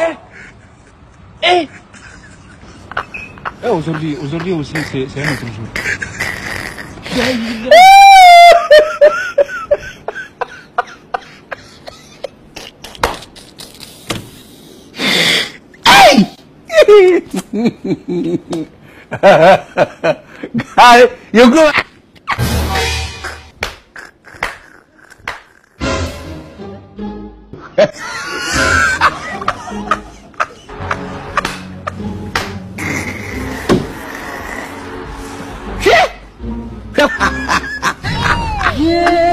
哎，哎，哎！我说六，我说六，谁谁让你这么说？哎，哈哈哈哈哈！哎，有个。哈，哈哈，哈。